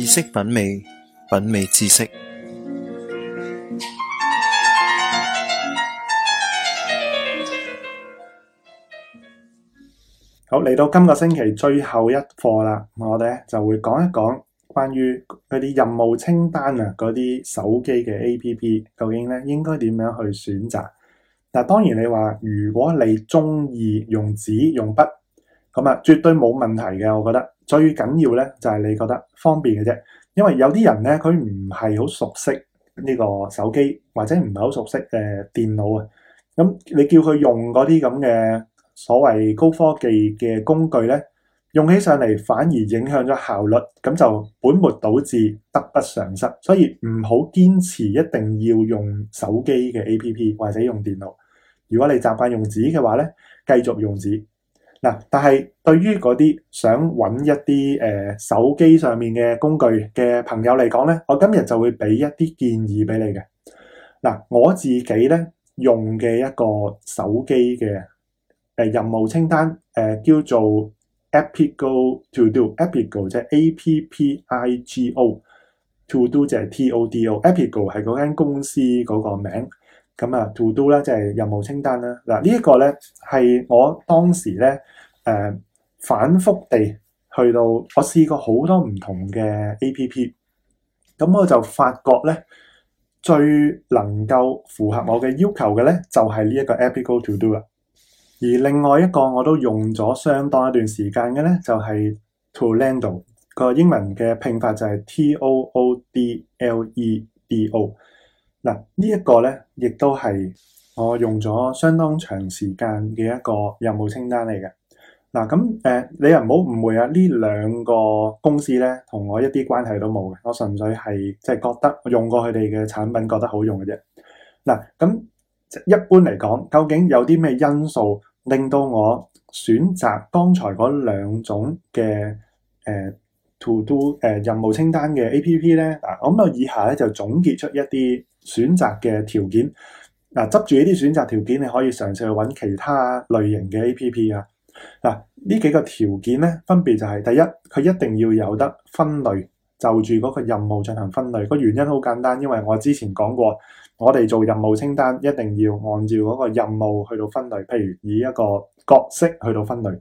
知識品味，品味知識。好，嚟到今個星期最後一課啦，我哋咧就會講一講關於嗰啲任務清單啊，嗰啲手機嘅 APP 究竟咧應該點樣去選擇？嗱，當然你話如果你中意用紙用筆。咁啊，絕對冇問題嘅，我覺得最緊要咧就係你覺得方便嘅啫。因為有啲人咧，佢唔係好熟悉呢個手機，或者唔係好熟悉誒電腦啊。咁你叫佢用嗰啲咁嘅所謂高科技嘅工具咧，用起上嚟反而影響咗效率，咁就本末倒置，得不償失。所以唔好堅持一定要用手機嘅 App 或者用電腦。如果你習慣用紙嘅話咧，繼續用紙。嗱，但係對於嗰啲想揾一啲誒手機上面嘅工具嘅朋友嚟講咧，我今日就會俾一啲建議俾你嘅。嗱，我自己咧用嘅一個手機嘅誒任務清單誒叫做 Appigo To Do，Appigo 即係 A P P I G O To Do 就係 T O D O，Appigo 係嗰間公司嗰個名。咁啊，To Do 咧，就係任務清單啦。嗱，呢一個咧係我當時咧誒反覆地去到，我試過好多唔同嘅 A P P，咁我就發覺咧最能夠符合我嘅要求嘅咧，就係呢一個 Appigo To Do 啦。而另外一個我都用咗相當一段時間嘅咧，就係 Toodledo，個英文嘅拼法就係 T O O D L E D O。嗱，呢一個咧，亦都係我用咗相當長時間嘅一個任務清單嚟嘅。嗱，咁、呃、誒，你又唔好誤會啊，呢兩個公司咧，同我一啲關係都冇嘅，我純粹係即係覺得用過佢哋嘅產品，覺得好用嘅啫。嗱，咁一般嚟講，究竟有啲咩因素令到我選擇剛才嗰兩種嘅誒、呃、To Do 誒、呃、任務清單嘅 A P P 咧？嗱，咁我以下咧，就總結出一啲。選擇嘅條件。嗱，執住呢啲選擇條件，你可以嘗試去揾其他類型嘅 APP 啊。嗱，呢幾個條件咧，分別就係第一，佢一定要有得分類，就住嗰個任務進行分類。個原因好簡單，因為我之前講過，我哋做任務清單一定要按照嗰個任務去到分類，譬如以一個角色去到分類。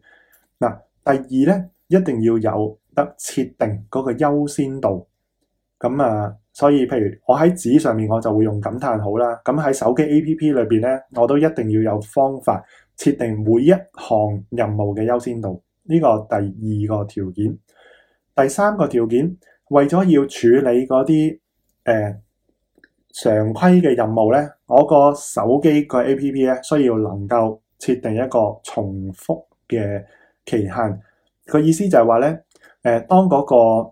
嗱，第二咧，一定要有得設定嗰個優先度。咁啊，所以譬如我喺紙上面，我就會用感嘆號啦。咁喺手機 A P P 裏邊咧，我都一定要有方法設定每一項任務嘅優先度。呢個第二個條件，第三個條件，為咗要處理嗰啲誒常規嘅任務咧，我個手機個 A P P 咧，需要能夠設定一個重複嘅期限。個意思就係話咧，誒、呃，當嗰個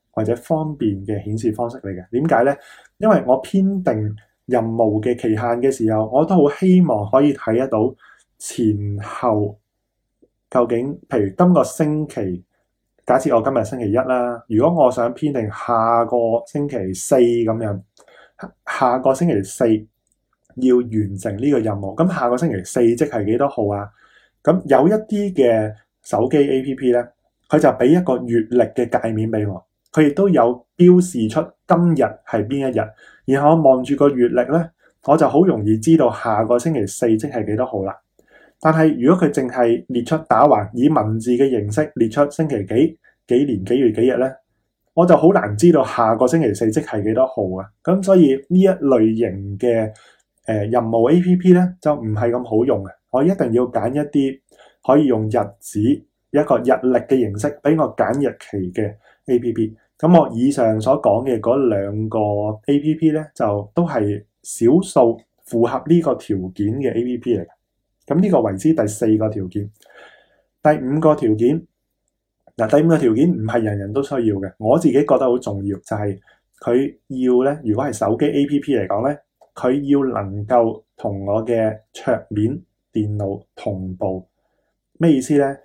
或者方便嘅顯示方式嚟嘅。點解咧？因為我編定任務嘅期限嘅時候，我都好希望可以睇得到前後究竟。譬如今個星期，假設我今日星期一啦，如果我想編定下個星期四咁樣，下個星期四要完成呢個任務，咁下個星期四即係幾多號啊？咁有一啲嘅手機 APP 咧，佢就俾一個月曆嘅界面俾我。佢亦都有標示出今日係邊一日，然後我望住個月曆咧，我就好容易知道下個星期四即係幾多號啦。但係如果佢淨係列出打橫以文字嘅形式列出星期幾幾年幾月幾日咧，我就好難知道下個星期四即係幾多號啊。咁所以呢一類型嘅誒、任務 App 咧，就唔係咁好用啊。我一定要揀一啲可以用日子一個日曆嘅形式俾我揀日期嘅。A.P.P. 咁我以上所講嘅嗰兩個 A.P.P. 咧，就都係少數符合呢個條件嘅 A.P.P. 嚟。咁呢個為之第四個條件。第五個條件，嗱，第五個條件唔係人人都需要嘅。我自己覺得好重要，就係佢要咧，如果係手機 A.P.P. 嚟講咧，佢要能夠同我嘅桌面電腦同步。咩意思咧？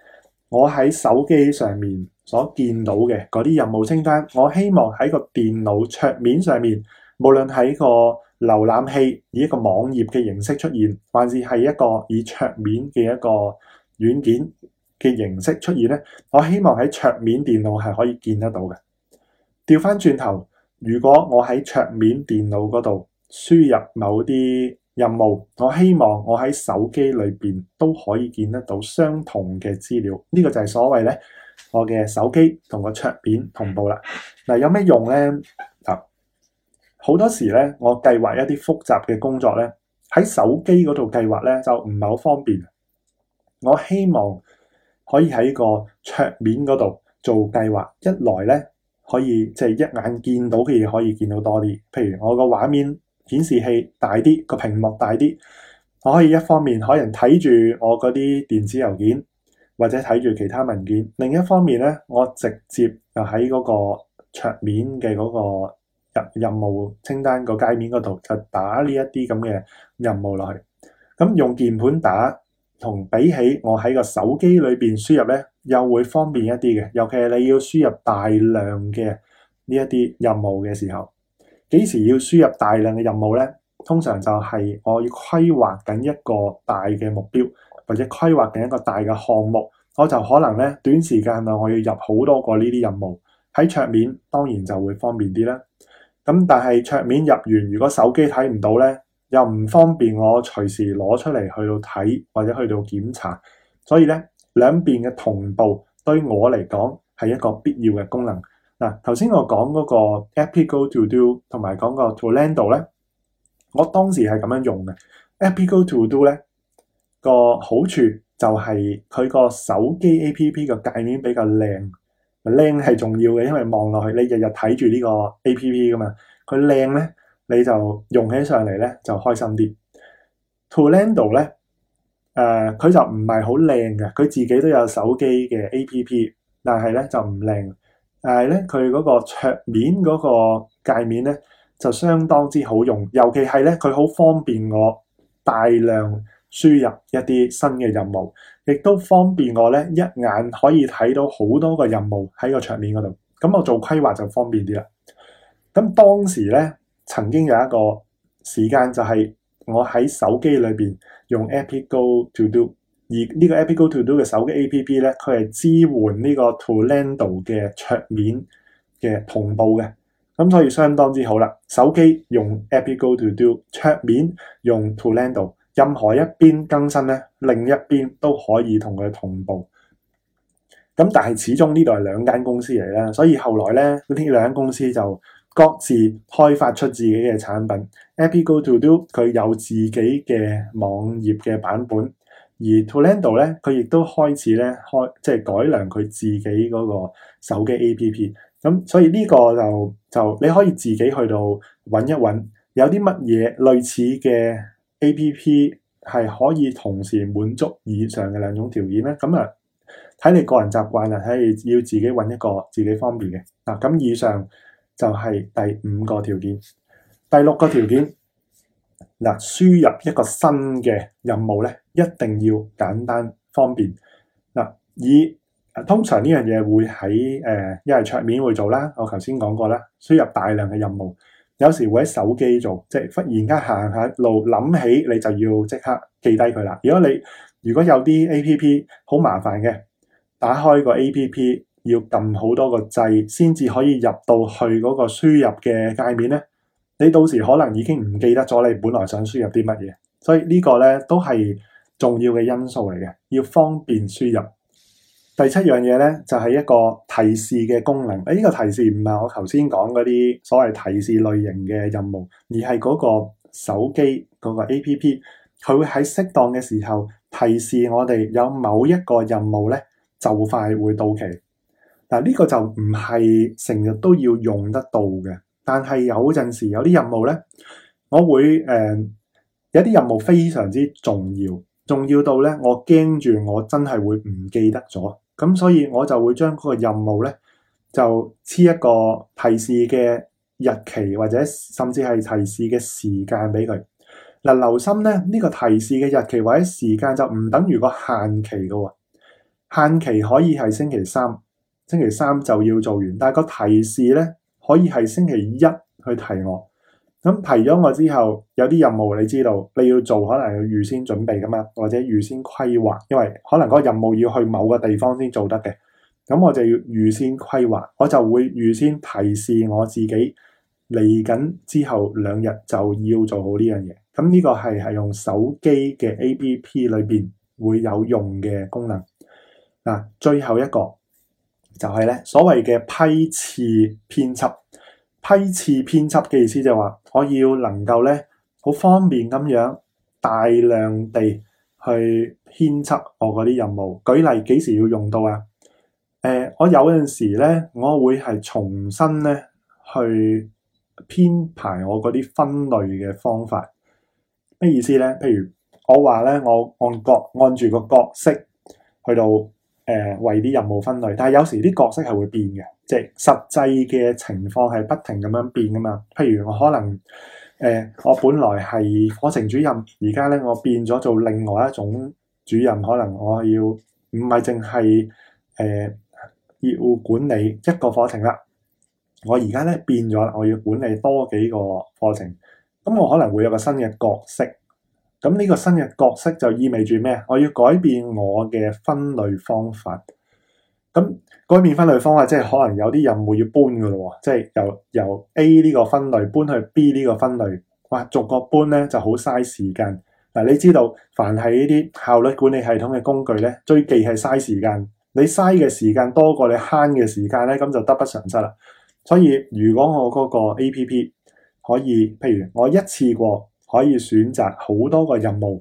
我喺手機上面。所見到嘅嗰啲任務清單，我希望喺個電腦桌面上面，無論喺個瀏覽器以一個網頁嘅形式出現，還是係一個以桌面嘅一個軟件嘅形式出現呢，我希望喺桌面電腦係可以見得到嘅。調翻轉頭，如果我喺桌面電腦嗰度輸入某啲任務，我希望我喺手機裏面都可以見得到相同嘅資料。呢個就係所謂呢。我嘅手機同個桌面同步啦。嗱，有咩用咧？嗱，好多時咧，我計劃一啲複雜嘅工作咧，喺手機嗰度計劃咧就唔係好方便。我希望可以喺個桌面嗰度做計劃，一來咧可以即係一眼見到嘅嘢，可以見到多啲。譬如我個畫面顯示器大啲，個屏幕大啲，我可以一方面可以睇住我嗰啲電子郵件。或者睇住其他文件。另一方面咧，我直接就喺嗰個桌面嘅嗰個任任務清單個界面嗰度就打呢一啲咁嘅任務落去。咁用鍵盤打，同比起我喺個手機裏邊輸入咧，又會方便一啲嘅。尤其係你要輸入大量嘅呢一啲任務嘅時候，幾時要輸入大量嘅任務咧？通常就係我要規劃緊一個大嘅目標。或者規劃定一個大嘅項目，我就可能咧短時間內我要入好多個呢啲任務喺桌面，當然就會方便啲啦。咁但係桌面入完，如果手機睇唔到咧，又唔方便我隨時攞出嚟去到睇或者去到檢查，所以咧兩邊嘅同步對我嚟講係一個必要嘅功能。嗱，頭先我講嗰個 Appigo To Do 同埋講個 Toodledo 咧，我當時係咁樣用嘅 Appigo To Do 咧。個好處就係佢個手機 A P P 嘅界面比較靚，靚係重要嘅，因為望落去你日日睇住呢個 A P P 噶嘛，佢靚咧你就用起上嚟咧就開心啲。Tolando 咧，誒佢就唔係好靚嘅，佢自己都有手機嘅 A P P，但係咧就唔靚，但係咧佢嗰個桌面嗰個界面咧就相當之好用，尤其係咧佢好方便我大量。輸入一啲新嘅任務，亦都方便我咧一眼可以睇到好多個任務喺個桌面嗰度。咁我做規劃就方便啲啦。咁當時咧曾經有一個時間就係我喺手機裏面用 Appigo Todo，而呢個 Appigo Todo 嘅手機 A P P 咧，佢係支援呢個 Toodledo 嘅桌面嘅同步嘅，咁所以相當之好啦。手機用 Appigo Todo，桌面用 Toodledo。任何一邊更新咧，另一邊都可以同佢同步。咁但係始終呢度係兩間公司嚟啦，所以後來咧嗰啲兩間公司就各自開發出自己嘅產品。Appigo Yeah. Todo 佢有自己嘅網頁嘅版本，而 Toodledo 咧佢亦都開始咧開即係改良佢自己嗰個手機 App。咁所以呢個就就你可以自己去到揾一揾，有啲乜嘢類似嘅。A P P 係可以同時滿足以上嘅兩種條件咧，咁啊睇你個人習慣啦，睇你要自己揾一個自己方便嘅嗱。咁以上就係第五個條件，第六個條件嗱，輸入一個新嘅任務咧，一定要簡單方便嗱。以通常呢樣嘢會喺誒一係桌面會做啦，我頭先講過啦，輸入大量嘅任務。有時會喺手機做，即係忽然間行下路諗起，你就要即刻記低佢啦。如果你如果有啲 A P P 好麻煩嘅，打開個 A P P 要撳好多個掣先至可以入到去嗰個輸入嘅界面咧，你到時可能已經唔記得咗你本來想輸入啲乜嘢，所以呢個呢個咧都係重要嘅因素嚟嘅，要方便輸入。第七樣嘢咧，就係一個提示嘅功能。誒，呢個提示唔係我頭先講嗰啲所謂提示類型嘅任務，而係嗰個手機嗰個 A P P，佢會喺適當嘅時候提示我哋有某一個任務咧，就快會到期。嗱，呢個就唔係成日都要用得到嘅，但係有陣時有啲任務咧，我會誒，有啲任務非常之重要，重要到咧，我驚住我真係會唔記得咗。咁所以我就會將嗰個任務咧，就黐一個提示嘅日期或者甚至係提示嘅時間俾佢。嗱，留心咧，呢個提示嘅日期或者時間就唔等於個限期㗎喎，哦。限期可以係星期三，星期三就要做完，但係個提示咧可以係星期一去提我。咁提咗我之後，有啲任務你知道你要做，可能要預先準備噶嘛，或者預先規劃，因為可能嗰個任務要去某個地方先做得嘅。咁我就要預先規劃，我就會預先提示我自己嚟緊之後兩日就要做好呢樣嘢。咁呢個係係用手機嘅 A P P 裏邊會有用嘅功能。嗱，最後一個就係咧，所謂嘅批次編輯。批次編輯嘅意思就係話，我要能夠咧，好方便咁樣大量地去編輯我嗰啲任務。舉例幾時要用到啊？誒、呃，我有陣時咧，我會係重新咧去編排我嗰啲分類嘅方法。咩意思咧？譬如我話咧，我按角按住個角色去到誒、呃、為啲任務分類，但係有時啲角色係會變嘅。即係實際嘅情況係不停咁樣變噶嘛。譬如我可能誒、呃，我本來係課程主任，而家咧我變咗做另外一種主任，可能我要唔係淨係誒業務管理一個課程啦。我而家咧變咗啦，我要管理多幾個課程，咁我可能會有個新嘅角色。咁呢個新嘅角色就意味住咩？我要改變我嘅分類方法。咁改面分類方法，即係可能有啲任務要搬噶咯，即係由由 A 呢個分類搬去 B 呢個分類，哇，逐個搬咧就好嘥時間。嗱、啊，你知道凡係呢啲效率管理系統嘅工具咧，最忌係嘥時間。你嘥嘅時間多過你慳嘅時間咧，咁就得不償失啦。所以如果我嗰個 APP 可以，譬如我一次過可以選擇好多個任務。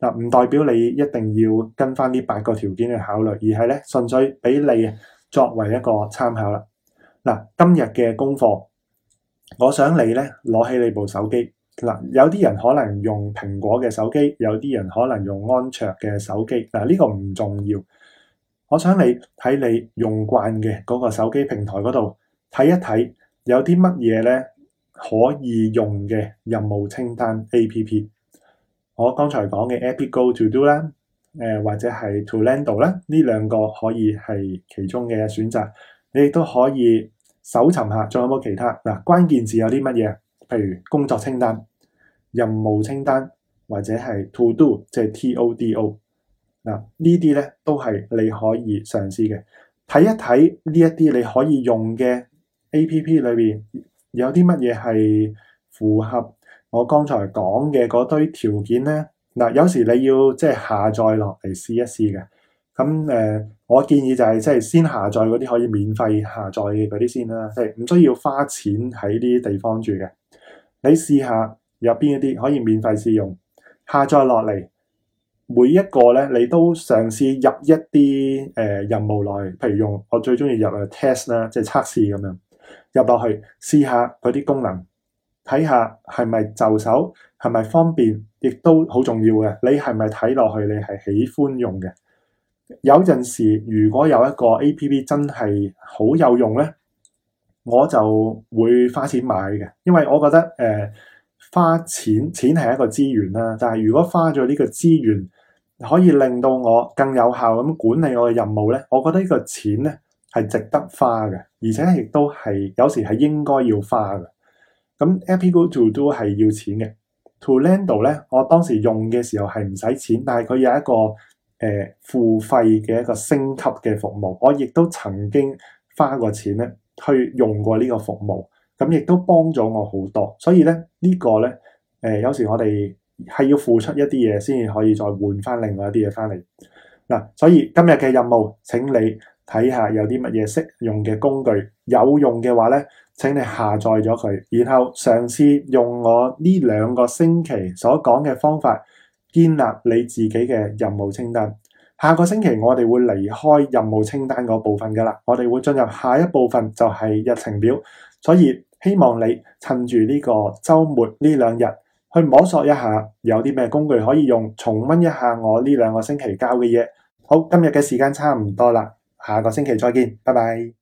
嗱，唔代表你一定要跟翻呢八個條件去考慮，而係咧純粹俾你作為一個參考啦。嗱，今日嘅功課，我想你咧攞起你部手機。嗱，有啲人可能用蘋果嘅手機，有啲人可能用安卓嘅手機。嗱，呢個唔重要。我想你喺你用慣嘅嗰個手機平台嗰度睇一睇，有啲乜嘢咧可以用嘅任務清單 A P P。我剛才講嘅 Appigo Todo 啦，誒或者係 Toodledo 啦，呢兩個可以係其中嘅選擇。你亦都可以搜尋下，仲有冇其他？嗱，關鍵字有啲乜嘢？譬如工作清單、任務清單或者係 To Do，即係 T O D O。嗱，呢啲咧都係你可以嘗試嘅。睇一睇呢一啲你可以用嘅 A P P 裏邊有啲乜嘢係符合。我剛才講嘅嗰堆條件咧，嗱，有時你要即係下載落嚟試一試嘅。咁誒、呃，我建議就係即係先下載嗰啲可以免費下載嘅嗰啲先啦，即係唔需要花錢喺呢啲地方住嘅。你試下入邊一啲可以免費試用，下載落嚟，每一個咧你都嘗試入一啲誒、呃、任務內，譬如用我最中意入去嘅 Test 啦，即係測試咁樣入落去試下嗰啲功能。睇下係咪就手，係咪方便，亦都好重要嘅。你係咪睇落去，你係喜歡用嘅？有陣時，如果有一個 APP 真係好有用咧，我就會花錢買嘅。因為我覺得誒、呃，花錢錢係一個資源啦。但係如果花咗呢個資源，可以令到我更有效咁管理我嘅任務咧，我覺得呢個錢咧係值得花嘅，而且亦都係有時係應該要花嘅。咁 Appigo To Do 係要錢嘅，To Lando 咧，我當時用嘅時候係唔使錢，但係佢有一個誒、呃、付費嘅一個升級嘅服務，我亦都曾經花過錢咧去用過呢個服務，咁亦都幫咗我好多，所以咧呢、這個咧誒、呃、有時我哋係要付出一啲嘢先至可以再換翻另外一啲嘢翻嚟嗱，所以今日嘅任務請你。睇下有啲乜嘢適用嘅工具，有用嘅話呢，請你下載咗佢。然後嘗試用我呢兩個星期所講嘅方法，建立你自己嘅任務清單。下個星期我哋會離開任務清單嗰部分噶啦，我哋會進入下一部分就係日程表。所以希望你趁住呢個週末呢兩日去摸索一下有啲咩工具可以用，重溫一下我呢兩個星期教嘅嘢。好，今日嘅時間差唔多啦。下個星期再見，拜拜。